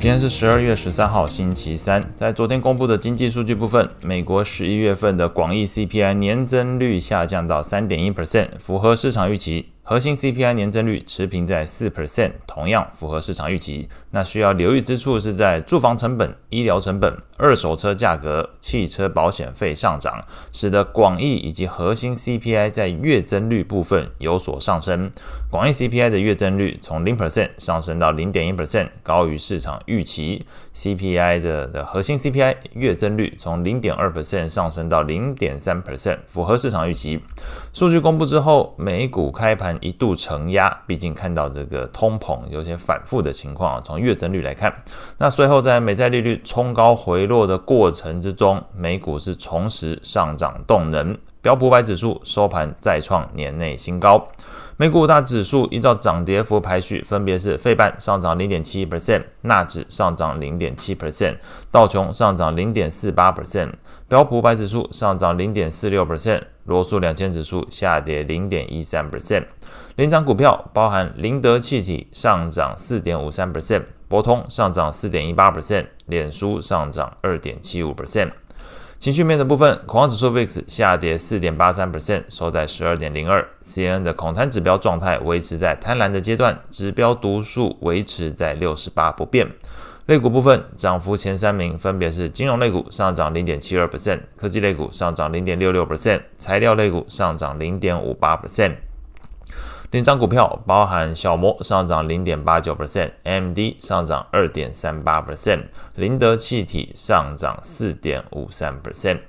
今天是十二月十三號，星期三。在昨天公布的經濟數據部分，美國十一月份的廣義 CPI 年增率下降到三點一 percent，符合市場預期。核心 CPI 年增率持平在四 percent，同樣符合市場預期。那需要留意之處是在住房成本、醫療成本、二手車價格、汽車保險費上漲，使得廣義以及核心 CPI 在月增率部分有所上升。廣義 CPI 的月增率從零 percent 上升到零點一 percent，高於市場預期。CPI 的的核心 CPI 月增率從零點二 percent 上升到零點三 percent，符合市場預期。數據公布之後，美股開盤，一度承壓，畢竟看到這個通膨有些反復的情況啊。從月增率來看，那隨後在美債利率衝高回落的過程之中，美股是重拾上漲動能，標普五百指數收盤再創年內新高。美股五大指數依照漲跌幅排序，分別是：費半上漲零點七一 percent，納指上漲零點七 percent，道瓊上漲零點四八 percent，標普五百指數上漲零點四六 percent，羅素兩千指數下跌零點一三 percent。領漲股票包含：林德氣體上漲四點五三 percent，博通上漲四點一八 percent，臉書上漲二點七五 percent。情緒面的部分，恐慌指數 VIX 下跌四點八三 percent，收在十二點零二。CNN 的恐貪指標狀態維持在貪婪的階段，指標讀數維持在六十八不變。類股部分，漲幅前三名分別是金融類股上漲零點七二 percent，科技類股上漲零點六六 percent，材料類股上漲零點五八 percent。領漲股票包含小摩上漲零點八九 percent，AMD 上漲二點三八 percent，林德氣體上漲四點五三 percent。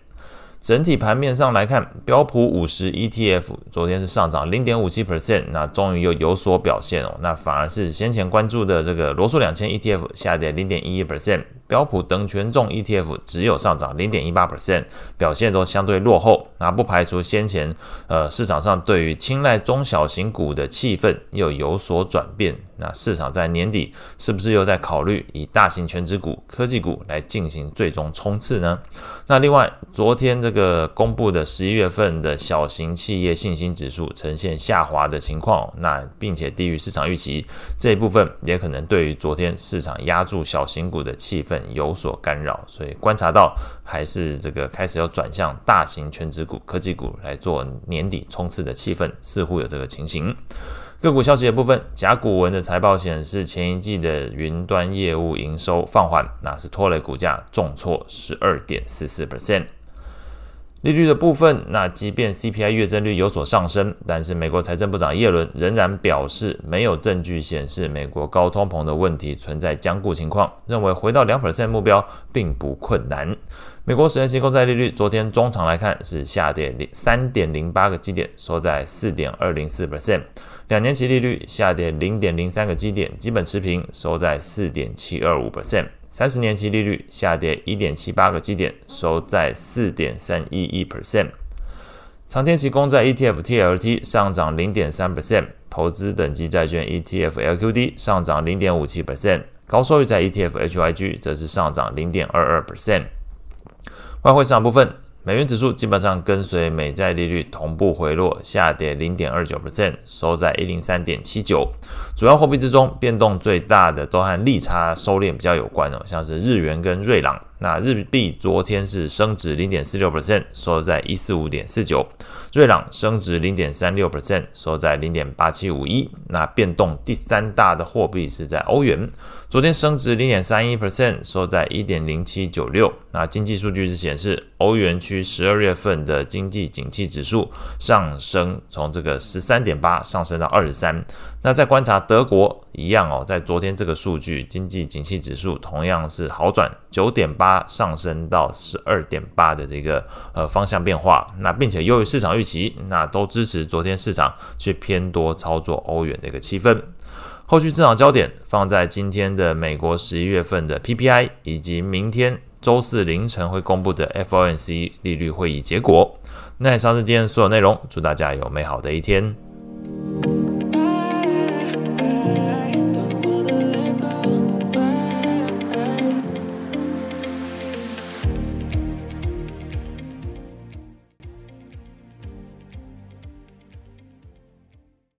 整體盤面上來看，標普五十 ETF 昨天是上漲零點五七 percent，那終於又有所表現哦。那反而是先前關注的這個羅素兩千 ETF 下跌零點一一 percent，標普等權重 ETF 只有上漲零點一八 percent，表現都相對落後。那不排除先前呃市場上對於青睞中小型股的氣氛又有所轉變。那市場在年底是不是又在考慮以大型權值股、科技股來進行最終衝刺呢？那另外，昨天這個公布的十一月份的小型企業信心指數呈現下滑的情況，那並且低於市場預期這一部分，也可能對於昨天市場押注小型股的氣氛有所干擾。所以觀察到，還是這個開始要轉向大型權值股、科技股來做年底衝刺的氣氛，似乎有這個情形。個股消息的部分，甲骨文的財報顯示，前一季的雲端業務營收放緩，那是拖累股價重挫十二點四四 percent。利率的部分，那即便 CPI 月增率有所上升，但是美國財政部長葉倫仍然表示，沒有證據顯示美國高通膨的問題存在僵固情況，認為回到兩 percent 目標並不困難。美國十年期公債利率，昨天終場來看是下跌零三點零八個基點，收在四點二零四 percent。兩年期利率下跌零點零三個基點，基本持平，收在四點七二五 percent。三十年期利率下跌一點七八個基點，收在四點三一一 percent。長天期公債 ETF TLT 上漲零點三 percent，投資等級債券 ETF LQD 上漲零點五七 percent，高收益債 ETF HYG 則是上漲零點二二 percent。外匯市場部分，美元指數基本上跟隨美債利率同步回落，下跌零點二九 percent，收在一零三點七九。主要貨幣之中，變動最大的都和利差收斂比較有關哦，像是日元跟瑞郎。那日幣昨天是升值零點四六 percent，收在一四五點四九；瑞郎升值零點三六 percent，收在零點八七五一。那變動第三大的貨幣是在歐元，昨天升值零點三一 percent，收在一點零七九六。那經濟數據是顯示，歐元區十二月份的經濟景氣指數上升，從這個十三點八上升到二十三。那再觀察德國。一樣哦，在昨天這個數據，經濟景氣指數同樣是好轉，九點八上升到十二點八的這個呃方向變化。那並且優於市場預期，那都支持昨天市場去偏多操作歐元的一個氣氛。後續市場焦點放在今天的美國十一月份的 PPI，以及明天周四凌晨會公布的 FOMC 利率會議結果。那以上是今天所有內容，祝大家有美好的一天。